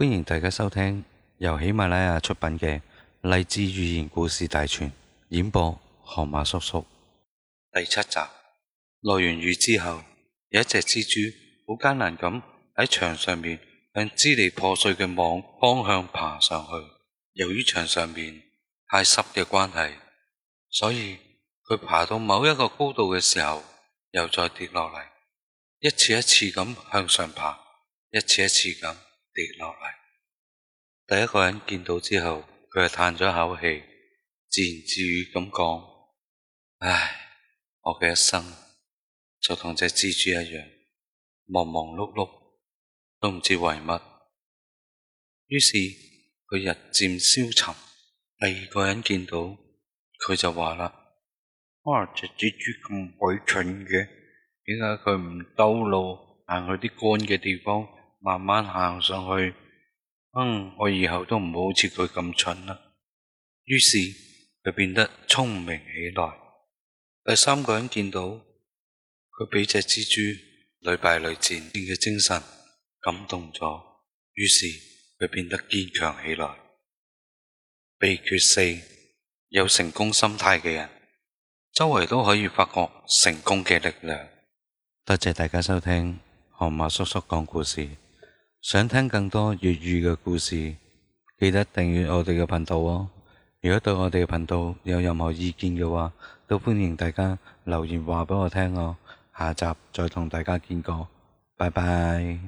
歡迎大家收聽由喜馬拉雅出品嘅《勵志寓言故事大全》，演播河馬叔叔第七集。落完雨之後，有一隻蜘蛛好艱難咁喺牆上面向支離破碎嘅網方向爬上去。由於牆上面太濕嘅關係，所以佢爬到某一個高度嘅時候，又再跌落嚟，一次一次咁向上爬，一次一次咁。跌落嚟。第一個人見到之後，佢就嘆咗口氣，自言自語咁講：唉，我嘅一生就同隻蜘蛛一樣，忙忙碌碌，都唔知為乜。於是佢日漸消沉。第二個人見到，佢就話啦：哇，隻蜘蛛咁鬼蠢嘅，點解佢唔兜路行去啲乾嘅地方？慢慢行上去，嗯，我以後都唔好似佢咁蠢啦。於是佢變得聰明起來。第三個人見到佢俾隻蜘蛛屢敗屢戰嘅精神感動咗，於是佢變得堅強起來。秘訣四：有成功心態嘅人，周圍都可以發覺成功嘅力量。多謝大家收聽河馬叔叔講故事。想聽更多粵語嘅故事，記得訂閱我哋嘅頻道哦。如果對我哋嘅頻道有任何意見嘅話，都歡迎大家留言話畀我聽哦。下集再同大家見過，拜拜。